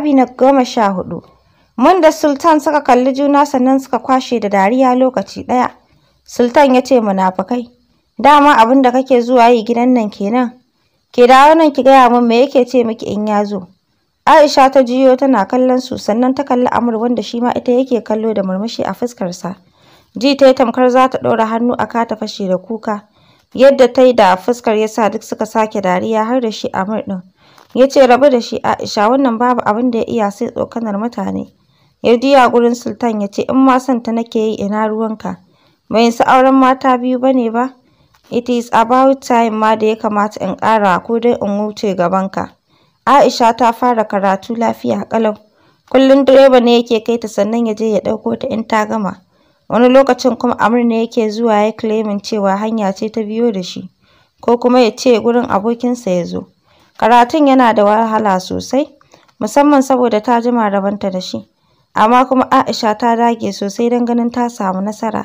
babi na goma sha hudu mun da sultan suka kalli juna sannan suka kwashe da dariya lokaci ɗaya sultan ya ce munafukai dama abin da kake zuwa yi gidan nan kenan ke dawo nan ki gaya min me yake ce miki in ya zo aisha ta jiyo tana kallon su sannan ta kalli amur wanda shi ma ita yake kallo da murmushi a fuskarsa ji ta yi tamkar za ta ɗora hannu a kata fashe da kuka yadda ta yi da fuskar ya sa duk suka sake dariya har da shi amur ɗin Ya ce rabu da shi Aisha wannan babu abin da ya iya sai tsokanar mutane. Ya gurin Sultan ya ce in ma son nake yi ina ruwanka. Bai su auren mata biyu ba ne ba? It is about time ma da ya kamata in ƙara ko dai in wuce gabanka. Aisha ta fara karatu lafiya ƙalau. Kullum direba ne yake kai ta sannan ya je ya ɗauko ta in ta gama. Wani lokacin kuma Amir ne yake zuwa ya claimin cewa hanya ce ta biyo da shi, ko kuma ya ce gurin abokinsa ya zo. Karatun yana da wahala sosai, musamman saboda ta jima rabonta da shi. Amma kuma Aisha ta dage sosai don ganin ta samu nasara.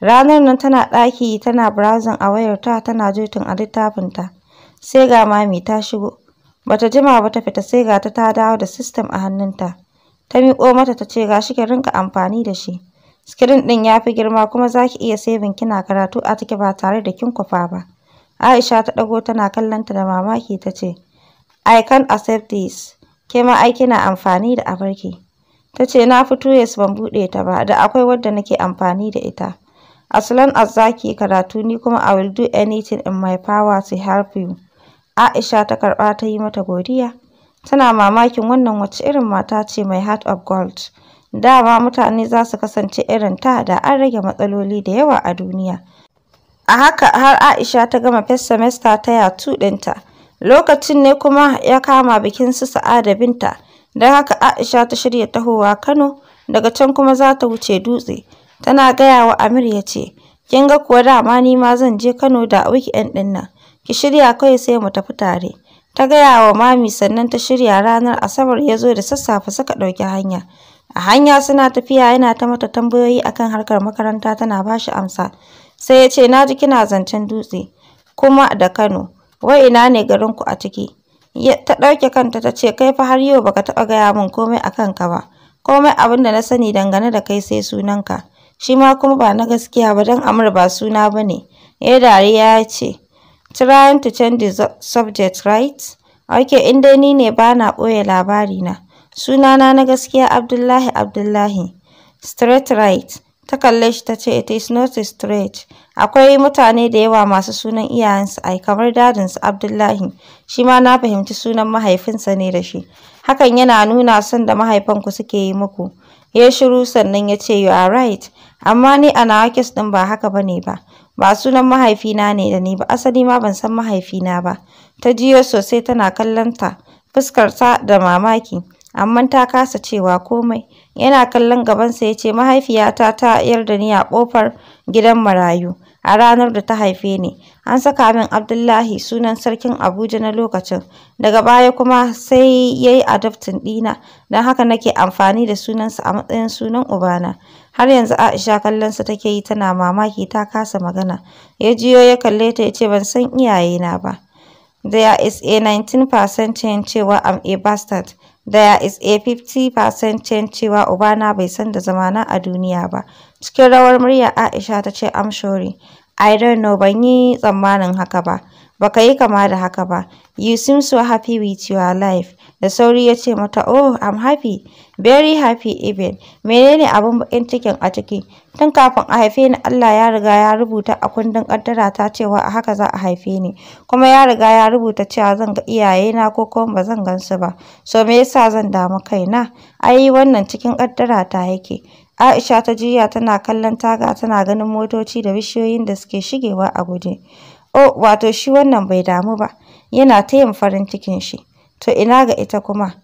Ranar nan tana ɗaki tana browsing a wayarta tana jotun a littafinta. Sai ga mami ta shigo. Bata jima ba ta fita sai ga ta ta dawo da system a hannunta. Ta miƙo mata ta ce ga shi ki rinka amfani da shi. Sikirin ɗin ya fi girma kuma za ki iya saving kina karatu a take ba tare da kin kwafa ba. Aisha ta ɗago tana kallonta da mamaki ta ce, I can't accept this. Ke ma ai kina amfani da abarki. Ta ce na fito yes ban buɗe ta ba, da akwai wadda nake amfani da ita. Aslan long as karatu ni kuma I will do anything in my power to help you. Aisha ta karɓa ta yi mata godiya. Tana mamakin wannan wace irin mata ce mai heart of gold. Dama mutane za su kasance irin ta da an rage matsaloli da yawa a duniya. A haka har Aisha ta gama first semester ta yatu ɗinta. Lokacin ne kuma ya kama bikin su Sa'ada Binta, don haka Aisha ta shirya tahowa Kano, daga can kuma za ta wuce Dutse. Tana gaya wa Amir ya ce, kin ga kuwa dama ni ma zan je Kano da weekend ɗin nan, ki shirya kawai sai mu tafi tare. Ta gaya wa Mami sannan ta shirya ranar Asabar ya zo da sassafe suka ɗauki hanya. A hanya suna tafiya yana ta mata tambayoyi akan harkar makaranta tana ba shi amsa. Sai ya ce, na ji kina zancen dutse, kuma da Kano. wai ina ne garinku a ciki ta ɗauke kanta ta ce kai fa har yau baka taɓa gaya min komai a kanka ba komai abin da na sani dangane da kai sai sunanka shi ma kuma ba na gaskiya ba don amur ba suna ba ne ya dariya ya ce trying to change the subject right ok in dai ni ne ba na ɓoye labarina sunana na gaskiya abdullahi abdullahi straight right Ta kalle shi ta ce, It is not strange. Akwai mutane da yawa masu sunan iyayensu ai, kamar dadinsu Abdullahi, shi ma na fahimci sunan mahaifinsa ne da shi. Hakan yana nuna son da mahaifanku suke yi muku. Ya shiru sannan ya ce, You are right, amma ni a nawa kes ɗin ba haka ba ne ba. Ba sunan mahaifina ne da ni ba, asali ma ban san mahaifina ba. Ta jiyo sosai tana kallon ta, fuskarta da mamaki, amma ta kasa cewa komai. yana kallon gabansa ya ce mahaifiyata ta yarda ni a ƙofar gidan marayu a ranar da ta haife ni an saka min abdullahi sunan sarkin abuja na lokacin daga baya kuma sai ya yi adaftin ɗina don haka nake amfani da sunansa a matsayin sunan ubana har yanzu aisha kallonsa take yi tana mamaki ta kasa magana ya jiyo ya kalle ta ya ce ban san iyayena ba There is a 19% chance cewa am a bastard. There is a 50% chance cewa ubana bai san da zamana a duniya ba. Cikin rawar murya Aisha ta ce, I'm sorry, I don't know, ban yi tsammanin haka ba. baka yi kama da haka ba you seem so happy with your life da sauri ya ce mata oh i'm happy very happy even menene abin bakin cikin a ciki tun kafin a haife ni Allah ya riga ya rubuta a kundin kaddara ta cewa a haka za a haife ni kuma ya riga ya rubuta cewa zan ga iyayena ko kuma ba zan gansu ba so me yasa zan damu kaina ai wannan cikin kaddara ta yake Aisha ta juya tana kallon taga tana ganin motoci da bishiyoyin da suke shigewa a guje Oh, wato shi wannan bai damu ba, yana ta farin cikin shi. To ina ga ita kuma?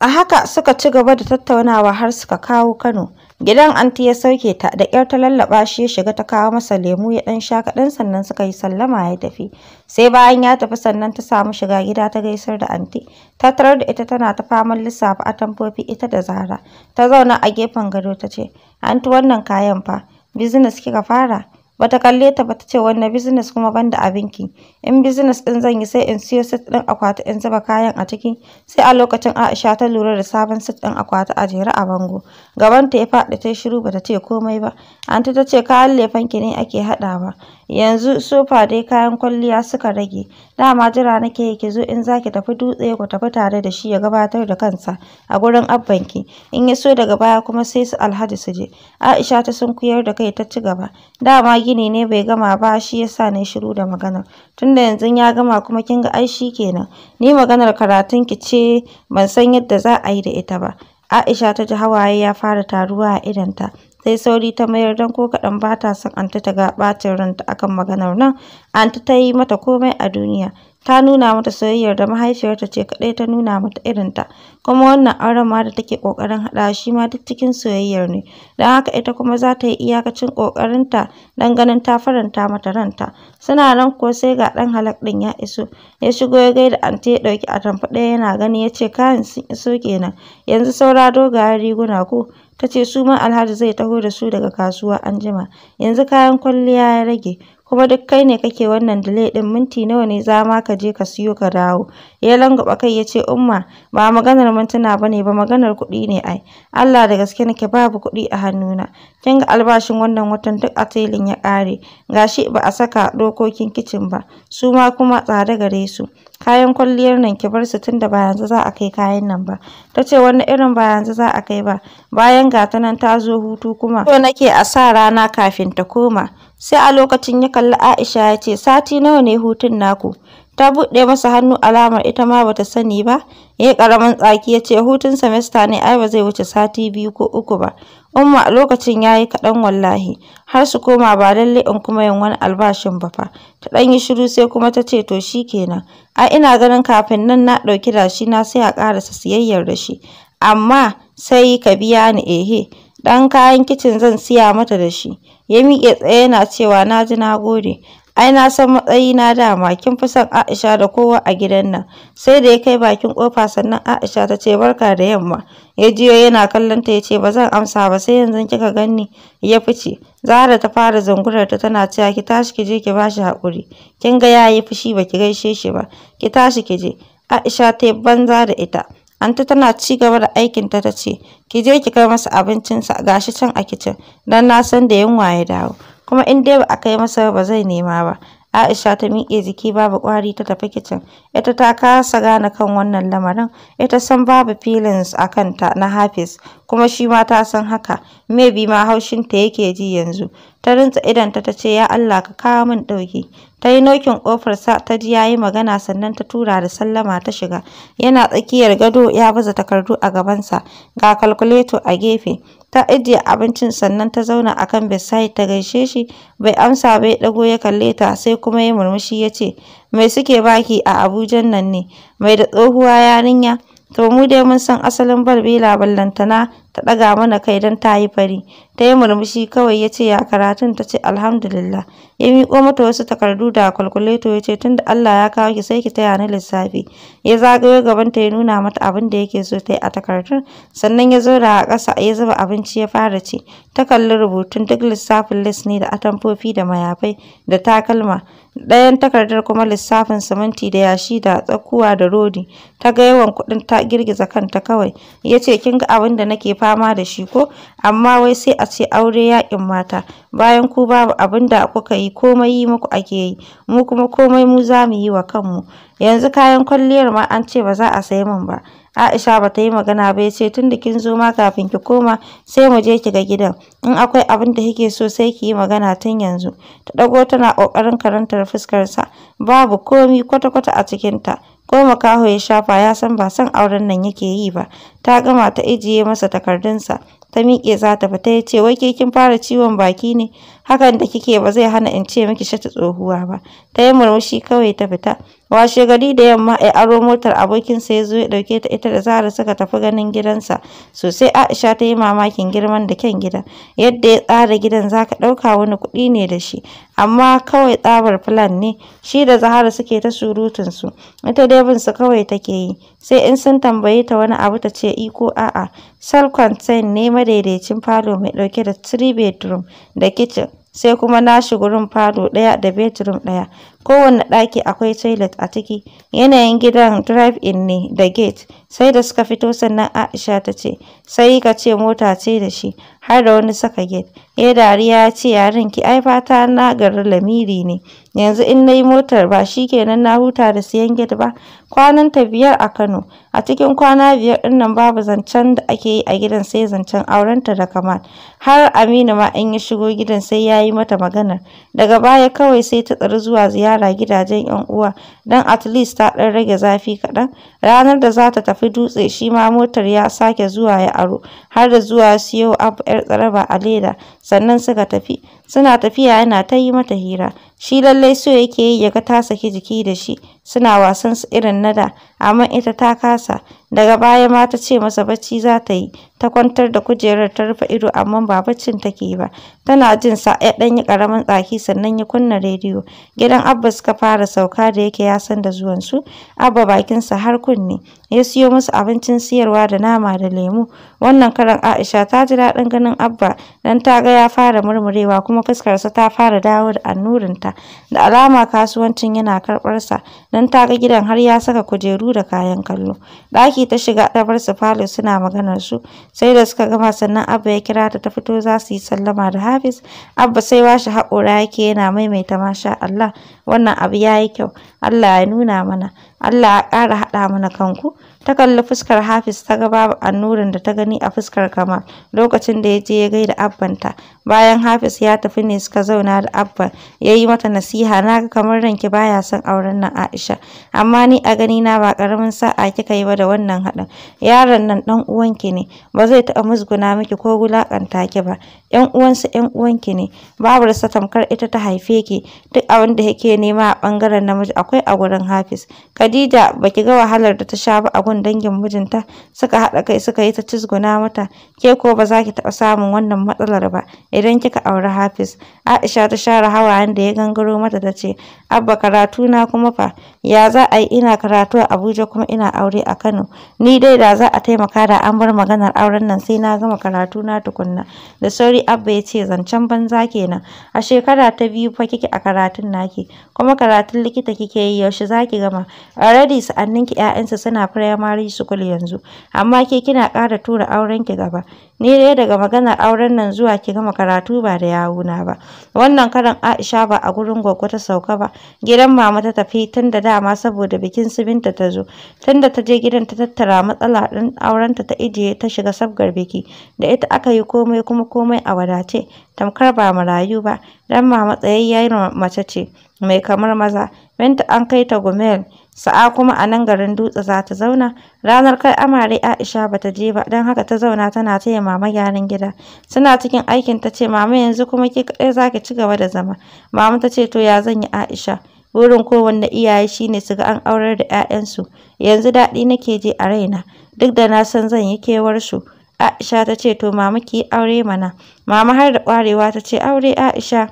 A haka suka ci gaba da tattaunawa har suka kawo Kano. Gidan anti ya sauke ta da 'yar ta lallaɓa shi ya shiga ta kawo masa lemu ya ɗan sha kaɗan sannan suka yi sallama ya tafi. Sai bayan ya tafi sannan ta samu shiga gida ta gaisar da anti. Ta tarar da ita tana ta faman lissafa atamfofi ita da zara. Ta zauna a gefen gado ta ce, "Anti wannan kayan fa, business kika fara?" Bata kalle ta ba ta ce wannan business kuma banda abinki. In business din zan yi sai in siyo set ɗin akwati in zuba kayan a ciki. Sai a lokacin Aisha ta lura da sabon set ɗin akwati a jere a bango. Gabanta ya faɗi ta shiru bata ce komai ba. Anta ta ce kayan ki ne ake haɗawa. yanzu sofa dai kayan kwalliya suka rage, dama jira nake yi ki zo in zaki tafi dutse ku tafi tare da shi ya gabatar da kansa a gurin abbanki, in ya so daga baya kuma sai su Alhaji su je. Aisha ta sun sunkuyar da kai ta ci gaba, dama gini ne bai gama ba shi ya sa ni shiru da maganar, tunda yanzu ya gama kuma kin ga ai shi kenan, ni maganar karatun ki ce ban san yadda za a yi da ita ba. Aisha ta ji hawaye ya fara taruwa a idonta. sai sauri ta mayar don ko kaɗan ba ta son Anta ta ga ɓacin ranta akan maganar nan Anta ta yi mata komai a duniya ta nuna mata soyayyar da mahaifiyarta ce kaɗai ta nuna mata irinta kuma wannan auren ma da take ƙoƙarin haɗa shi ma duk cikin soyayyar ne don haka ita kuma za ta yi iyakacin ƙoƙarinta don ganin ta faranta mata ranta suna nan ko sai ga ɗan halak ɗin ya iso ya shigo ya gaida Anta ya ɗauki atamfa ɗaya yana gani ya ce kayan sun iso kenan yanzu saura dogayen riguna ko ta ce su ma Alhaji zai taho da su daga kasuwa anjima. yanzu kayan kwalliya ya rage. kuma duk kai ne kake wannan delay ɗin minti nawa ne za ma ka je ka siyo ka dawo. Ya langaba kai yace Umma ba maganar mintuna bane ba maganar kuɗi ne ai. Allah da gaske nake babu kuɗi a hannuna. Kin ga albashin wannan watan duk a tailin ya ƙare. Gashi ba a saka dokokin kicin ba. Su ma kuma tsada gare su. kayan kwalliyar nan ki bar su tunda ba yanzu za a kai kayan nan ba tace wani irin ba yanzu za a kai ba bayan gata nan ta zo hutu kuma to nake a sa rana kafin ta koma sai a lokacin ya kalli Aisha ya ce sati nawa ne hutun naku ta buɗe masa hannu alamar ita ma bata sani ba ya yi ƙaramin tsaki ya ce hutun semester ne ai ba zai wuce sati biyu ko uku ba umma a lokacin ya yi kaɗan wallahi har su koma ba lalle in kuma yin wani albashin ba fa ta ɗan yi shiru sai kuma ta ce to shi kenan ai ina ganin kafin nan na ɗauki da shi na sai a ƙarasa siyayyar da shi amma sai ka biya ni ehe ɗan kayan kicin zan siya mata da shi ya miƙe tsaye yana cewa na ji na gode. Ai na san matsayi na dama, kin fi son Aisha da kowa a gidan nan. Sai da ya kai bakin kofa sannan Aisha ta ce barka da yamma. Ya jiyo yana kallon ta ya ce ba zan amsa ba sai yanzu kika ganni. Ya fice. Zahra ta fara zungurar ta tana cewa ki tashi ki je ki bashi haƙuri. Kin ga yayi fushi baki gaishe shi ba. Ki tashi ki je. Aisha ta yi banza da ita. Anta tana ci gaba da aikinta ta ce, ki je ki kai masa abincinsa gashi can a kicin, Dan na san da yunwa ya dawo, kuma in dai ba a kai masa ba zai nema ba. Aisha ta miƙe jiki babu ƙwari ta tafi kicin. Ita ta kasa gane kan wannan lamarin. Ita san babu feelings a kanta na Hafiz, kuma shi ma ta san haka. Maybe ma haushinta yake ji yanzu. Ta rintsa idonta ta ce, Ya Allah ka kawo min ɗauki. Ta yi nokin ƙofarsa ta ji ya yi magana sannan ta tura da sallama ta shiga. Yana tsakiyar gado ya baza takardu a gabansa ga kalkuleto a gefe. Ta ajiye abincin sannan ta zauna akan kan ta gaishe shi bai amsa ba ya ɗago ya kalle ta sai kuma ya murmushi ya ce mai suke baki a Abujan nan ne mai da tsohuwa yarinya to mu dai mun san asalin barbela ballantana ta ɗaga mana kai don ta yi fari ta yi murmushi kawai ya ce ya karatun ta ce alhamdulillah ya miƙo mata wasu takardu da kwalkuleto ya ce tunda Allah ya kawo ki sai ki taya ni lissafi ya zagayo gaban ta ya nuna mata abin da yake so ta yi a takardun sannan ya zo da ƙasa ya zuba abinci ya fara ci ta kalli rubutun duk lissafin lis ne da atamfofi da mayafai da takalma ɗayan takardar kuma lissafin siminti da yashi da tsakuwa da rodi ta ga yawan kuɗin ta girgiza kanta kawai ya ce kin ga abin da nake fama da shi ko amma wai sai a ce aure yaƙin mata bayan ku babu abin da kuka yi komai yi muku ake yi mu kuma komai mu za mu yi wa kanmu yanzu kayan kwalliyar ma an ce ba za a sayi min ba Aisha ba ta yi magana ba ya ce tun da kin zo ma kafin ki koma sai mu je ki ga gidan in akwai abin da kike so sai ki yi magana tun yanzu ta dago tana kokarin karantar fuskarsa. babu komi kwata-kwata a cikinta. ta ko makaho ya shafa ya san ba son auren nan yake yi ba ta gama ta ijiye masa takardunsa ta miƙe za ta fita ya ce wai ke kin fara ciwon baki ne hakan da kike ba zai hana in ce miki shata tsohuwa ba ta yi murmushi kawai ta fita washe gari da yamma ya aro motar abokinsa ya zo ya ɗauke ta ita da zara suka tafi ganin gidansa sosai aisha ta yi mamakin girman da kyan gidan yadda ya tsara gidan za ka ɗauka wani kuɗi ne da shi amma kawai tsabar filan ne shi da zahara suke ta surutunsu ita dai bin su kawai take yi sai in sun tambaye ta wani abu ta ce iko a'a Cell contain ne madaidaicin falo mai ɗauke da three bedroom da kitchen, sai kuma nashi gurin falo ɗaya da bedroom ɗaya. Kowane ɗaki akwai toilet a ciki. Yanayin gidan drive-in ne da gate. Sai da suka fito sannan Aisha ta ce, sai ka ce mota ce da shi, har da wani saka gate. Ya eh, dariya ya ce yarin ki ai fata na gari lamiri ne. Yanzu in na yi motar ba shi kenan na huta da siyan gate ba. Kwanan ta biyar a Kano. A cikin kwana biyar ɗinnan nan babu zancen da ake yi a gidan sai zancen aurenta da Kamal. Har Aminu ma in ya shigo gidan sai ya yi mata maganar. Daga baya kawai sai ta tsari zuwa ziyara. ziyara gidajen 'yan uwa don at least ta ɗan rage zafi kaɗan. Ranar da za ta tafi Dutse shi ma motar ya sake zuwa ya aro, har da zuwa siyo ab 'yar tsaraba a leda, sannan suka tafi. Suna tafiya yana ta yi mata hira. Shi lallai so yake yi ya ga ta saki jiki da shi, suna wasan su irin nada, amma ita ta kasa. Daga baya ma ta ce masa bacci za ta yi, ta kwantar da kujerar ta rufe ido amma ba baccin take ba. Tana jin sa ya ɗan yi ƙaramin tsaki sannan ya kunna rediyo. Gidan Abba suka fara sauka da yake ya san da zuwansu. Abba bakinsa har kunne. Ya siyo musu abincin siyarwa da nama da lemu. Wannan karan Aisha ta ji daɗin ganin Abba dan ta ga ya fara murmurewa kuma fuskarsa ta fara dawo da annurinta. Da alama kasuwancin yana karɓarsa dan ta ga gidan har ya saka kujeru da kayan kallo. Ɗaki ɗaki ta shiga ta su falo suna maganar su sai da suka gama sannan abba ya kira ta ta fito za su yi sallama da hafiz abba sai washe haƙora yake yana maimaita masha allah wannan abu ya yi kyau allah ya nuna mana Allah ya ƙara haɗa mana kanku ta kalli fuskar Hafiz ta ga babu annurin da ta gani a fuskar Kamal lokacin da ya je ya gaida abbanta bayan Hafiz ya tafi ne suka zauna da Abba ya yi mata nasiha na ga kamar ranki baya son auren nan Aisha amma ni a gani na ba karamin sa'a kika yi ba da wannan haɗin yaron nan dan uwanki ne ba zai taɓa musguna miki ko wulaƙanta ki ba 'yan uwansu 'yan uwanki ne babarsa tamkar ita ta haife ki duk abin da yake nema a ɓangaren namiji akwai a gurin hafiz khadija baki ga wahalar da ta sha ba a gun dangin mijinta suka haɗa kai suka yi ta cizguna mata ke ko ba za ki taɓa samun wannan matsalar ba idan kika auri hafiz aisha ta share hawayen da ya gangaro mata ta ce abba karatu na kuma fa ya za a yi ina karatu a abuja kuma ina aure a kano ni dai da za a taimaka da an bar maganar auren nan sai na gama karatu na tukunna da sauri Abba ya ce zancen banza kenan. A shekara ta biyu fa kike a karatun naki, kuma karatun likita kike yi yaushe za ki gama. Already ki 'ya'yansa suna firamare school yanzu, amma ke kina ƙara tura auren ki gaba. ni dai daga maganar auren nan zuwa ki gama karatu ba da yawuna ba wannan karan Aisha ba a gurin gwaggo ta sauka ba gidan mama ta tafi tun da dama saboda bikin su binta ta zo tun da ta je gidan ta tattara matsala ɗin aurenta ta ijiye ta shiga sabgar biki da ita aka yi komai kuma komai a wadace tamkar ba marayu ba dan mama tsayayyar mace ce mai kamar maza Binta an kai ta Gumel Sa'a kuma a nan garin Dutse za ta zauna. Ranar kai amare Aisha ba ta je ba, don haka ta zauna tana taya mama gyaran gida. Suna cikin aikin ta ce, Mama yanzu kuma ke kaɗai za ki ci gaba da zama. Mama ta ce, To ya zan yi Aisha? Burin kowanne iyaye shine su ga an aurar da 'ya'yansu. Yanzu daɗi nake je a raina, duk da na san zan yi kewar su. Aisha ta ce, To mama ki aure mana. Mama har da ƙwarewa ta ce, Aure Aisha.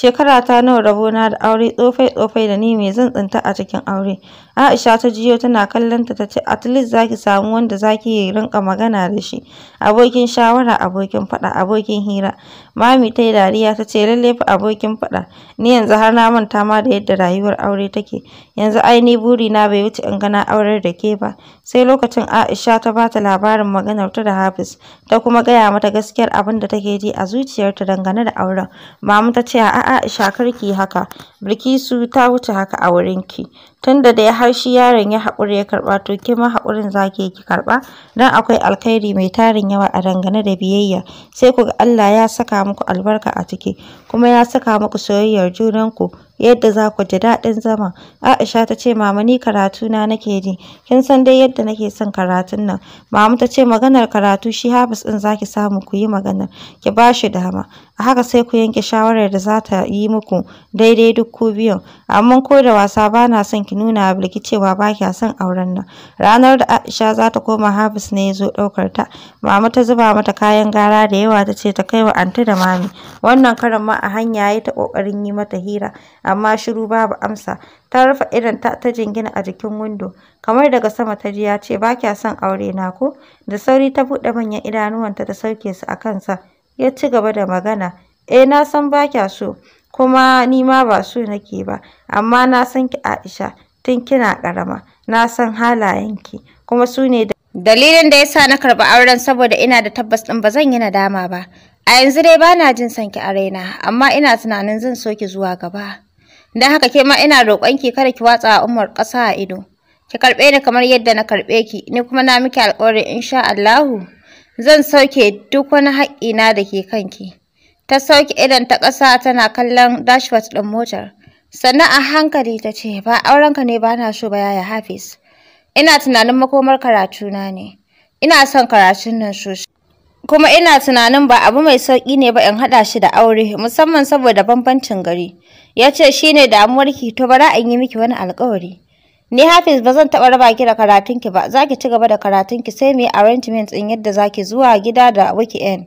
Shekara ta nawa rabona da aure, tsofai-tsofai da ni me zan tsinta a cikin aure? Aisha ta jiyo tana kallonta ta ce at least za samu wanda zaki ki rinka magana da shi. Abokin shawara, abokin faɗa, abokin hira. Mami ta dariya ta ce lalle fa abokin faɗa. Ni yanzu har na manta ma da yadda rayuwar aure take. Yanzu ai ni na bai wuce in gana auren aurar da ke ba. Sai lokacin Aisha ta ba ta labarin maganar ta da Hafiz ta kuma gaya mata gaskiyar abin da take ji a zuciyarta dangane da auren. Mamu ta ce a Aisha kar ki haka. Bilkisu ta wuce haka a wurin ki." tunda dai har shi yaron ya haƙura ya karɓa to ke ma haƙurin za ki ki karɓa don akwai alkhairi mai tarin yawa a dangane da biyayya sai ku ga Allah ya saka muku albarka a ciki kuma ya saka muku soyayyar junanku yadda za ku ji daɗin zaman. Aisha ta ce, Mama ni karatu na nake ji, kin san dai yadda nake son karatun nan. Mama ta ce, maganar karatu shi Hafiz ɗin za ki samu ku yi magana. ki ba shi dama. A haka sai ku yanke shawarar da za ta yi muku daidai duk ku biyun. Amma ko da wasa ba na son ki nuna wa cewa ba kya son auren nan. Ranar da Aisha za ta koma Hafiz ne ya zo ɗaukar ta. Mama ta zuba mata kayan gara da yawa ta ce ta kai wa anti da mami. Wannan karan ma a hanya ya ta ƙoƙarin yi mata hira. amma shiru babu amsa ta rufe irin ta jingina a jikin window kamar daga sama ta ji ya ce ba kya son aure na ko da sauri ta buɗe manyan idanuwanta ta sauke su a kansa ya ci gaba da magana eh na san ba kya so kuma ni ma ba so nake ba amma na san ki Aisha tun kina karama na san halayenki kuma su ne dalilin da yasa na karba auren saboda ina da tabbas ɗin ba zan yi nadama ba a yanzu dai bana jin sanki a raina amma ina tunanin zan so zuwa gaba Don haka ke ma ina roƙonki kada ki watsa a Umar ƙasa a ido. Ki karɓe ni kamar yadda na karɓe ki, ni kuma na miki alƙawari insha Allahu. Zan sauke duk wani haƙƙina da ke kanki. Ta sauke idan ta ƙasa tana kallon dashboard ɗin motar. Sannan a hankali ta ce, ba aurenka ne ba na so ba yaya Hafiz. Ina tunanin makomar karatuna ne. Ina son karatun nan sosai. Kuma ina tunanin ba abu mai sauƙi ne ba in haɗa shi da aure, musamman saboda bambancin gari. ya ce shi ne damuwarki to za in yi miki wani alkawari ni hafiz ba zan taɓa raba ki da karatunki ba za ki ci gaba da karatunki sai mu yi arrangement in yadda za ki zuwa gida da weekend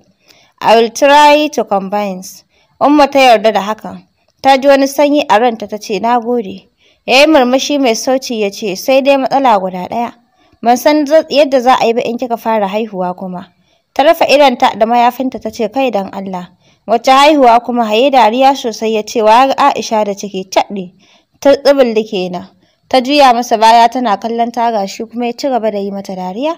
i will try to combine umma ta yarda da hakan ta ji wani sanyi a ranta ta ce na gode ya yi murmushi mai sauci ya ce sai dai matsala guda ɗaya ban san yadda za a yi ba in kika fara haihuwa kuma ta rufe idonta da mayafinta ta ce kai dan allah Wacce haihuwa kuma haye dariya sosai ya ce wa Aisha da take caɗe ta tsibir da kenan. Ta juya masa baya tana kallon taga shi kuma ya ci gaba da yi mata dariya.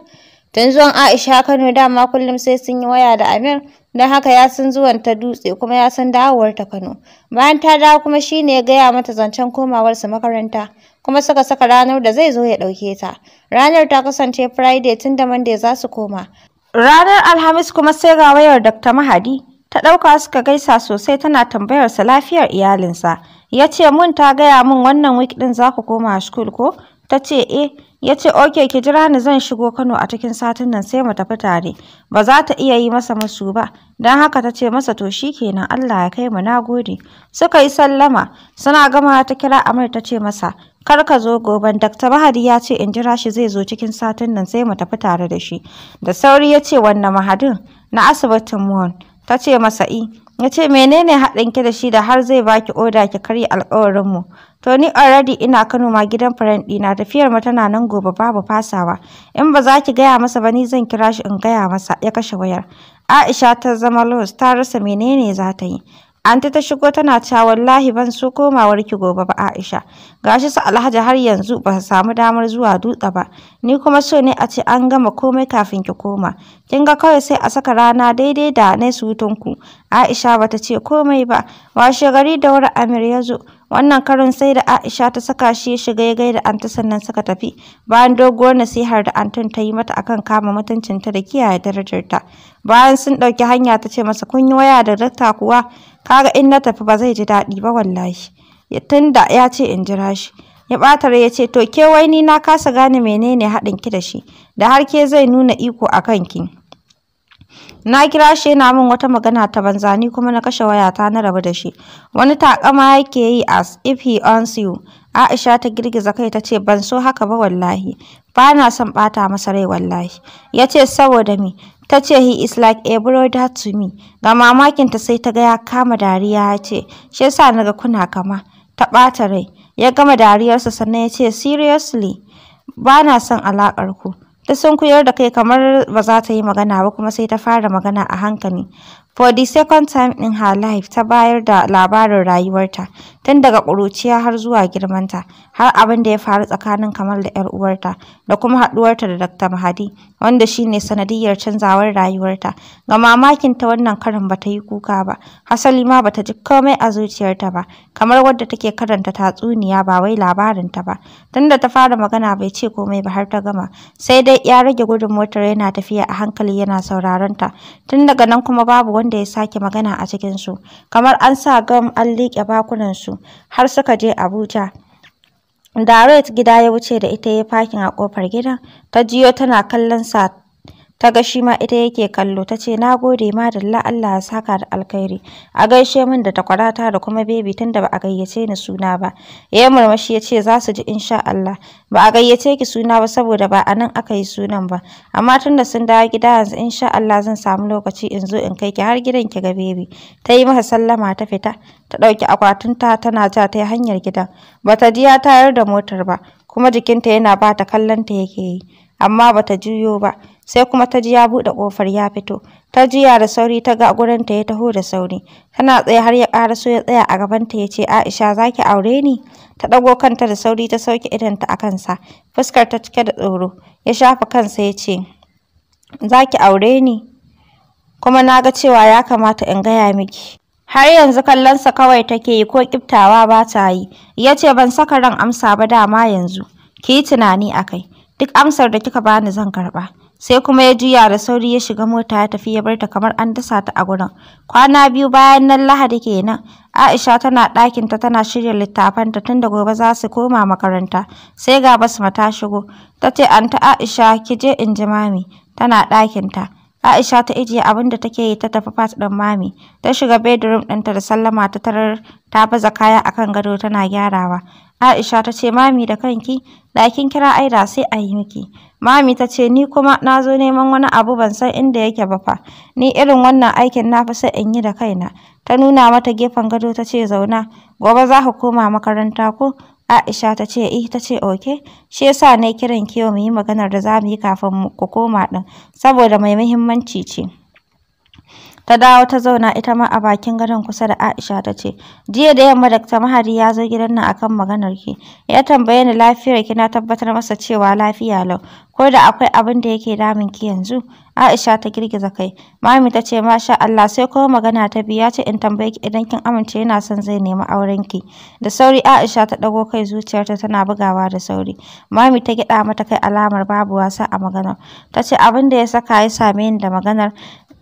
Tun zuwan Aisha Kano dama kullum sai sun yi waya da Amir, don haka ya san zuwan ta dutse kuma ya san dawowar ta Kano. Bayan ta dawo kuma shine ya gaya mata zancen komawar su makaranta, kuma suka saka ranar da zai zo ya ɗauke ta. Ranar ta kasance Friday tun da Monday za su koma. Ranar Alhamis kuma sai ga wayar Dr. Mahadi. Ta ɗauka suka gaisa sosai tana tambayarsa lafiyar iyalinsa. Ya ce mun ta gaya min wannan wik ɗin za ku koma school ko? Ta ce eh. Ya ce oke ki jira ni zan shigo Kano a cikin satin nan sai mu tafi tare. Ba za ta iya yi masa masu ba. Don haka ta ce masa to shi kenan Allah ya kai mu na gode. Suka yi sallama. Suna gama ta kira Amir ta ce masa kar ka zo goben Dr. Mahadi ya ce in jira shi zai zo cikin satin nan sai mu tafi tare da shi. Da sauri ya ce wannan Mahadin na asibitin Mon. ta ce masa i ya ce menene haɗin ki da shi da har zai baki oda ki karya alƙawarinmu to ni already ina Kano ma gidan friend ɗina tafiyar mu tana nan gobe babu fasawa in ba za ki gaya masa ba ni zan kira shi in gaya masa ya kashe wayar Aisha ta zama Los ta rasa menene za ta yi Anti ta shigo tana cewa wallahi ban so komawar ki gobe ba Aisha. Gashi su Alhaji har yanzu ba su samu damar zuwa dutse ba. Ni kuma so ne a ce an gama komai kafin ki koma. Kin ga kawai sai a saka rana daidai da na sutunku. Aisha bata ce komai ba. Washe gari da wani Amir ya zo. wannan karin sai da Aisha ta saka shi shiga ya gaida anta sannan suka tafi bayan doguwar nasihar da antun ta yi mata akan kama mutuncinta da kiyaye darajarta bayan sun ɗauki hanya ta ce masa kun yi waya da dakta kuwa kaga in na tafi ba zai ji daɗi ba wallahi tunda ya ce in jira shi ya ɓata rai ya ce to ke wai ni na kasa gane menene haɗin ki da shi da har ke zai nuna iko a kan ki. na kira shi yana min wata magana ta banza ni kuma na kashe wayata na rabu da shi wani takama yake yi as if he owns you Aisha ta girgiza kai ta ce ban so haka ba wallahi ba na son ɓata masa rai wallahi ya ce saboda me ta ce he is like a brother to me ga mamakinta sai ta ga ya kama dariya ya ce shi yasa naga kuna kama ta ɓata rai ya gama dariyarsa sannan ya ce seriously ba na son alaƙarku. ku ta kuyar da kai kamar ba za ta yi magana ba kuma sai ta fara magana a hankali For the second time in her life ta bayar da labarin rayuwarta tun daga ƙuruciya har zuwa girmanta har abin da ya faru tsakanin Kamal da ‘yar uwarta da kuma haɗuwarta da Dr. Mahadi wanda shine sanadiyyar canzawar rayuwarta. Ga mamakinta wannan karin bata yi kuka ba, hasali ma bata ji komai a zuciyarta ba, kamar wadda take karanta tatsuniya ba wai labarinta ba. Tunda ta fara magana bai ce komai ba har ta gama, sai dai ya rage gudun motar yana tafiya a hankali yana sauraron ta. Tun daga nan kuma babu wanda ya sake magana a cikin su kamar an sa gam an liƙe su, har suka je Abuja. Direct gida ya wuce da ita ya fakin a kofar gidan. Ta jiyo tana kallon sa ta ga shi ma ita yake kallo ta ce na gode madalla Allah ya saka da alkhairi a gaishe min da takwarata da kuma bebi tunda ba a gayyace ni suna ba ya murmushi ya ce za su ji insha Allah ba a gayyace ki suna ba saboda ba a nan aka yi sunan ba amma da sun dawo gida yanzu insha Allah zan samu lokaci in zo in kai ki har gidan ki ga bebi ta yi masa sallama ta fita ta ɗauki akwatinta tana ja ta yi hanyar gidan Ba ta ji ya tayar da motar ba kuma jikinta yana ba ta kallon ta yake yi amma ba ta juyo ba sai kuma ta ji ya buɗe ƙofar ya fito ta jiya da sauri ta ga gurinta ya taho da sauri tana tsaye har ya ƙara so ya tsaya a gabanta ya ce aisha za ki aure ni ta ɗago kanta da sauri ta sauke idonta a kansa fuskar ta cike da tsoro ya shafa kansa ya ce za ki aure ni kuma na ga cewa ya kamata in gaya miki har yanzu kallon sa kawai take yi ko kiftawa ba ta yi ya ce ban saka ran amsa ba dama yanzu ki yi tunani a kai duk amsar da kika bani zan karɓa sai kuma ya juya da sauri ya shiga mota ya tafi ya bar ta kamar an dasa ta a gurin kwana biyu bayan nan lahadi kenan aisha tana ɗakinta tana shirya littafanta tunda gobe za su koma makaranta sai ga basma ta shigo ta ce anta aisha ki je in ji mami tana ɗakinta Aisha ta ijiye abin da take yi ta tafi fat ɗin mami. Ta shiga bedroom ɗinta da sallama ta tarar ta baza kaya akan gado tana gyarawa. Aisha ta ce mami da kanki, Ɗakin kira aida sai a yi miki. Mami ta ce, ni kuma na zo neman wani abu ban san inda yake ba fa, ni irin wannan aikin na fi son in yi da kaina. Ta nuna mata gefen gado ta ce zauna, gobe za ku koma makaranta ko? Aisha ta ce eh ta ce oke, shi yasa na kiran ki yau mu yi maganar da za mu yi kafin ku koma ɗin, saboda mai muhimmanci ce. ta dawo ta zauna ita ma a bakin gadon kusa da Aisha ta ce jiya da yamma Dr. Mahadi ya zo gidan nan akan maganar ki ya tambaye ni lafiyar ki na tabbatar masa cewa lafiya lau ko da akwai abin da yake damun ki yanzu Aisha ta girgiza kai mami ta ce masha Allah sai ko magana ta biya ce in tambaye ki idan kin amince yana son zai nemi auren ki da sauri Aisha ta dago kai zuciyarta tana bugawa da sauri mami ta gida mata kai alamar babu wasa a maganar ta ce abin da ya saka ya same ni da maganar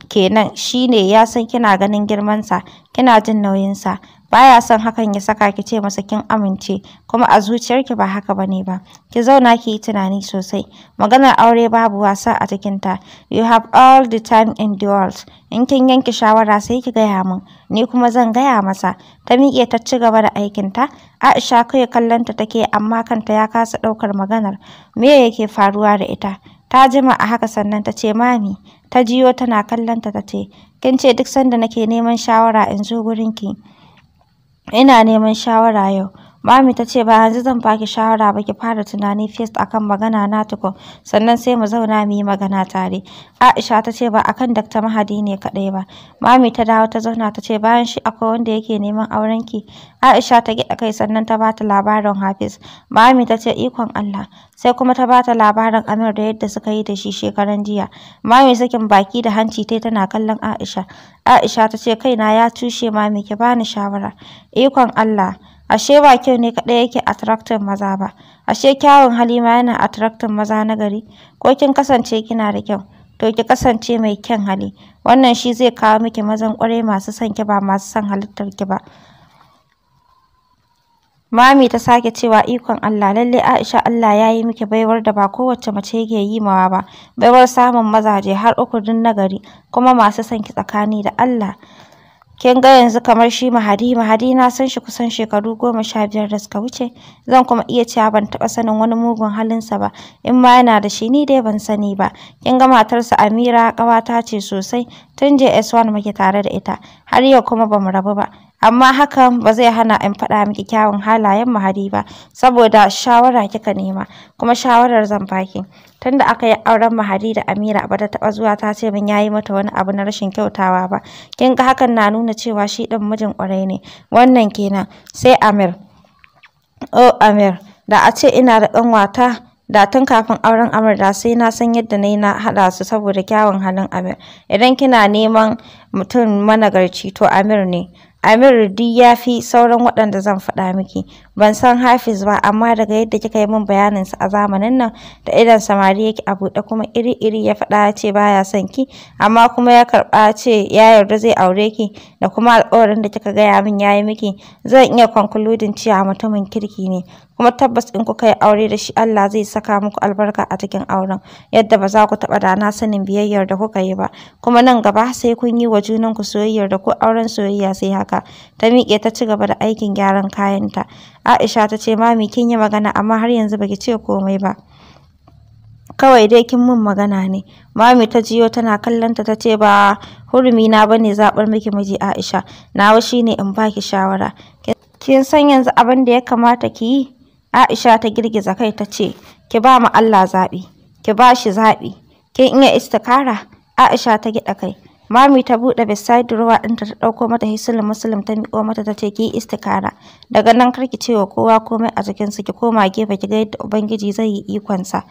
kenan shi ne ya san kina ganin girmansa kina jin nauyinsa baya son hakan ya saka ki ce masa kin amince kuma a zuciyarki ba haka bane ba ki zauna ki yi tunani sosai maganar aure babu wasa a cikinta you have all the time in the world in kin yanke shawara sai ki gaya min ni kuma zan gaya masa ta miƙe ta ci gaba da aikinta aisha kai kallonta take amma kanta ya kasa ɗaukar maganar me yake faruwa da ita ta jima a haka sannan ta ce mami ta jiyo tana kallonta ta ce, kin ce duk sanda nake neman shawara in zo gurin ki ina neman shawara yau Mami ta ce ba yanzu zan baki shawara ba ki fara tunani first akan magana na tukun sannan sai mu zauna mu yi magana tare. Aisha ta ce ba akan Dr. Mahadi ne kadai ba. Mami ta dawo ta zauna ta ce bayan shi akwai wanda yake neman auren ki. Aisha ta gida kai sannan ta bata labarin Hafiz. Mami ta ce ikon Allah. Sai kuma ta bata labarin Amir da yadda suka yi da shi shekaran jiya. Mami sakin baki da hanci tai tana kallon Aisha. Aisha ta ce kaina ya tushe mami ki bani shawara. Ikon Allah. ashe ba kyau ne kaɗai yake attracting maza ba ashe kyawun hali ma yana attracting maza na gari ko kin kasance kina da kyau to ki kasance mai kyan hali wannan shi zai kawo miki mazan ƙwarai masu son ki ba masu son halittar ki ba Mami ta sake cewa ikon Allah lalle Aisha Allah ya yi miki baiwar da ba kowace mace yake yi mawa ba baiwar samun mazaje har uku din gari kuma masu son ki tsakani da Allah kin ga yanzu kamar shi mahadi mahadi na san shi kusan shekaru goma sha biyar da suka wuce zan kuma iya cewa ban taɓa sanin wani mugun halinsa ba in ma yana da shi ni dai ban sani ba kin ga matarsa amira ƙawata ce sosai tun js1 muke tare da ita har yau kuma bamu rabu ba amma hakan ba zai hana in faɗa miki kyawun halayen mu hari ba saboda shawara kika nema kuma shawarar zan baki tunda aka yi auren mahari da amira ba ta taɓa zuwa ta ce min yayi mata wani abu na rashin kyautawa ba kin ga hakan na nuna cewa shi ɗin mijin ƙwarai ne wannan kenan sai amir oh amir da a ce ina da wata da tun kafin auren Amir da sai na san yadda na yi na haɗa su saboda kyawun halin Amir. Idan kina neman mutum managarci to Amir ne. Amir Rudi ya fi sauran waɗanda zan faɗa miki. Ban san Hafiz ba, amma daga yadda kika yi min bayaninsa a zamanin nan, da idan samari yake a buɗe kuma iri-iri ya faɗa ya ce baya son ki, amma kuma ya karɓa ce ya yarda zai aure ki, da kuma alƙawarin da kika gaya min ya yi miki, zan iya concluding cewa mutumin kirki ne. kuma tabbas in kuka yi aure da shi Allah zai saka muku albarka a cikin auren yadda ba za ku taɓa dana sanin biyayyar da kuka yi ba kuma nan gaba sai kun yi wa junanku soyayyar da ko auren soyayya sai haka ta miƙe ta ci gaba da aikin gyaran kayanta Aisha ta ce mami kin yi magana amma har yanzu baki ce komai ba kawai dai kin mun magana ne mami ta jiyo tana kallonta ta ce ba hurumi na bane zaɓar miki miji Aisha nawa shine in baki shawara kin san yanzu abin da ya kamata ki yi Aisha ta girgiza kai ta ce, Ki ba mu Allah zaɓi, ki ba shi zaɓi, kin iya istikara? Aisha ta gida kai. Mami ta buɗe beside ruwa ɗinta ta ɗauko mata hisulun musulun ta miƙo mata ta ce ki istikara. Daga nan karki cewa kowa komai a jikinsu ki koma gefe ki ga yadda Ubangiji zai yi ikonsa.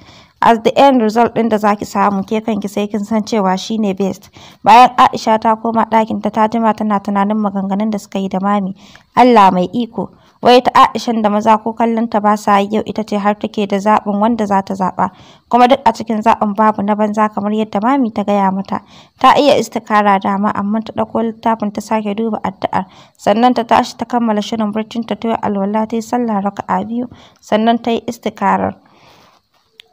As the end result ɗin da zaki samu ke kanki sai kin san cewa shi ne best. Bayan Aisha ta koma ɗakinta ta jima tana tunanin maganganun da suka yi da mami. Allah mai iko. wai ta Aishan da maza ko kallon ta ba sa yau ita ce har take da zaɓin wanda za ta zaɓa kuma duk a cikin zaɓin babu na banza kamar yadda mami ta gaya mata ta iya istikara dama amma ta ɗauko littafin ta sake duba addu'ar sannan ta tashi ta kammala shirin barcin ta ta alwala ta yi sallah raka'a biyu sannan ta yi istikarar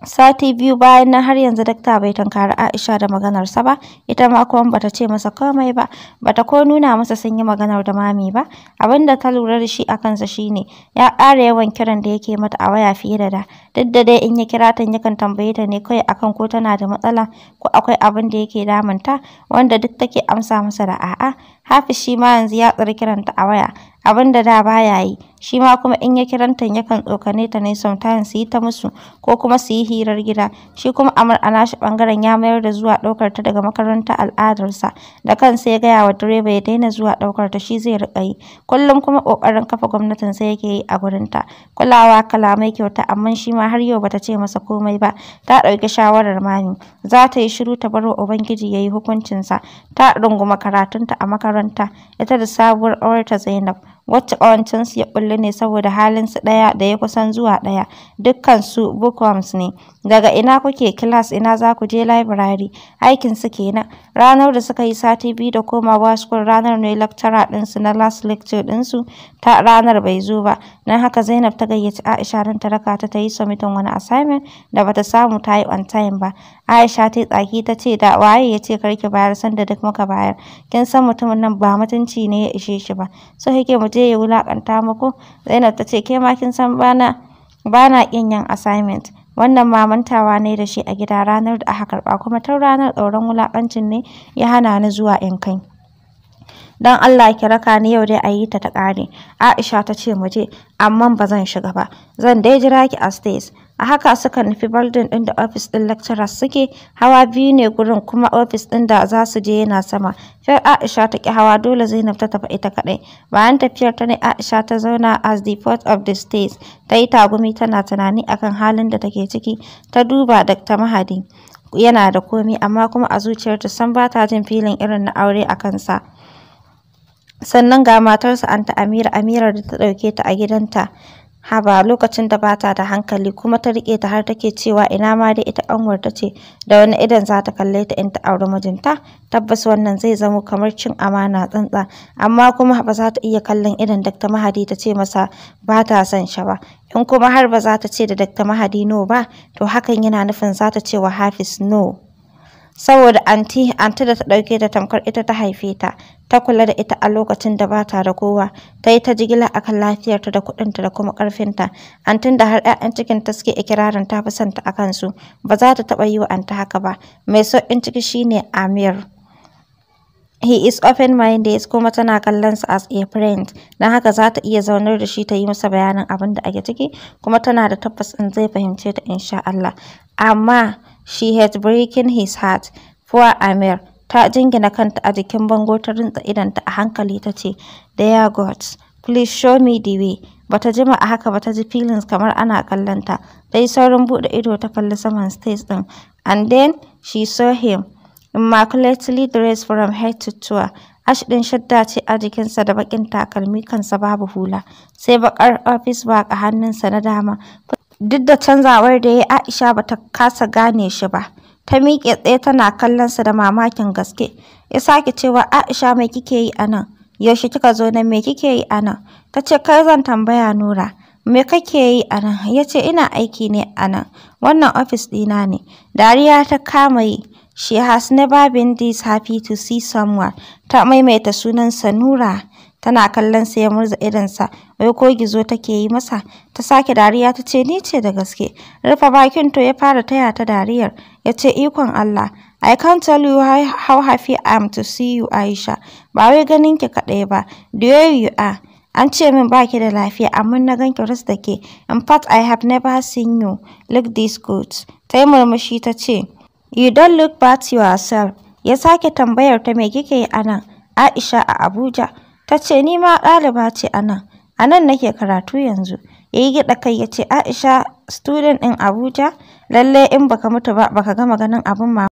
sati biyu bayan na har yanzu dakta bai tunkari Aisha da maganarsa ba ita ma kuma bata ce masa komai ba bata ko nuna masa sun yi maganar da mami ba da ta lura da shi a kansa shine ya ƙara yawan kiran da yake mata a waya fiye da da duk da dai in ya kira ta yakan tambaye ta ne kai akan ko tana da matsala ko akwai abin da yake damunta wanda duk take amsa masa da a'a Hafiz shi ma yanzu ya tsari kiranta a waya abin da da baya yi shi ma kuma in ya kiranta yakan tsokane ta ne sometimes su yi ta musu ko kuma su yi hirar gida shi kuma amar a nashi bangaren ya mayar da zuwa daukar ta daga makarantar al'adarsa da kansa ya gaya wa direba ya daina zuwa daukar ta shi zai rika yi kullum kuma kokarin kafa gwamnatin sai yake yi a gurin ta kulawa kalamai kyauta amma shi ma har yau bata ce masa komai ba ta dauki shawarar mami za ta yi shiru ta bar wa ubangiji yayi hukuncinsa ta runguma karatunta a makaranta ita da sabuwar aurata Zainab wacce ƙawancinsu ya ɓullu ne saboda halin su ɗaya da ya kusan zuwa ɗaya dukkansu bookworms ne daga ina kuke class ina za ku je library aikinsu kenan ranar da suka yi sati biyu da komawa school ranar ne lecturer ɗinsu na last lecture ɗinsu ta ranar bai zo ba don haka zainab ta gayyaci aisha don ta raka ta ta yi submitin wani assignment da bata samu ta yi on time ba aisha ta yi tsaki ta ce da waye ya ce karki bayar sanda duk muka bayar kin san mutumin nan ba mutunci ne ya ishe shi ba so yake je ya wulakanta muku Zainab ta ce ke ma kin san bana bana kin yin assignment wannan mamantawa ne da shi a gida ranar da aka karba kuma tun ranar tsoron wulakancin ne ya hana ni zuwa in kai don Allah ki raka ni yau dai a yi ta ta ƙare Aisha ta ce mu amma ba zan shiga ba zan dai jira ki a stage a haka suka nufi baldin din da ofis din lecturers suke hawa biyu ne gurin kuma ofis din da za su je yana sama fiyar aisha ta ki hawa dole zainab ta tafi ita kadai bayan tafiyar ta ne aisha ta zauna as the port of the states ta yi tagumi tana tunani akan halin da take ciki ta duba dr mahadi yana da komi amma kuma a zuciyarta san ba ta jin filin irin na aure a kansa sannan ga matarsa anta amira amirar da ta dauke ta a gidanta haba lokacin da bata da hankali kuma ta rike ta har take cewa ina ma dai ita anwar ta ce da wani idan za ta kalle ta in ta auri mijinta tabbas wannan zai zama kamar cin amana tsantsa amma kuma ba za ta iya kallon idan Dr. Mahadi ta ce masa ba ta son shi ba in kuma har ba za ta ce da Dr. Mahadi no ba to hakan yana nufin za ta ce wa Hafiz no saboda anti anti da ta dauke ta tamkar ita ta haife ta ta kula da ita a lokacin da bata da kowa ta yi ta jigila akan lafiyarta da ta da kuma karfinta antin da har 'ya'yan cikin ta suke ikirarin ta fi santa a kansu ba za ta taɓa yi wa anti haka ba mai saukin ciki shine amir He is open-minded kuma tana kallon sa as a friend. dan haka za ta iya zaunar da shi ta yi masa bayanin abin da ake ciki kuma tana da tabbas in zai fahimce ta insha Allah. Amma She had breaking his heart. Poor Amir. Ta jingina kanta a jikin bango ta rinta idanta a hankali ta ce, Dear God, please show me the way. Bata jima a haka bata ji feelings kamar ana kallonta. Dai saurin buɗe ido ta kalli saman stage ɗin And then she saw him. Immaculately dressed from head to toe. Ash ɗin shadda ce a jikinsa da baƙin takalmi kansa babu hula, sai baƙar office bag a hannunsa na dama. Duk da canzawar da ya yi Aisha ba ta kasa gane shi ba. Ta miƙe tsaye tana kallon sa da mamakin gaske. Ya sake cewa Aisha mai kike yi a nan? Yaushe kika zo na, me kike yi a nan? Ta ce kai zan tambaya Nura. Me kake yi a nan? Ya ce ina aiki ne a nan. Wannan ofis ɗina ne. Dariya ta kama yi. She has never been this happy to see someone. Ta maimaita sunansa Nura. tana kallon sa ya murza idonsa wai ko gizo take yi masa ta sake dariya ta ce ni ce da gaske rufe bakin to ya fara taya ta dariyar ya ce ikon Allah I can't tell you how happy I am to see you Aisha ba wai ganin ki kaɗai ba Do way you are an ce min baki da lafiya amma na gan ki da ke in fact I have never seen you look this good ta yi murmushi ta ce you don't look bad yourself ya sake tambayar ta me kike yi anan Aisha a Abuja Ta ce ni ma ɗaliba ce a nan, a nan nake karatu yanzu. Ya yi gida kai ya ce Aisha student ɗin Abuja, lallai in baka mutu ba baka gama ganin abin ma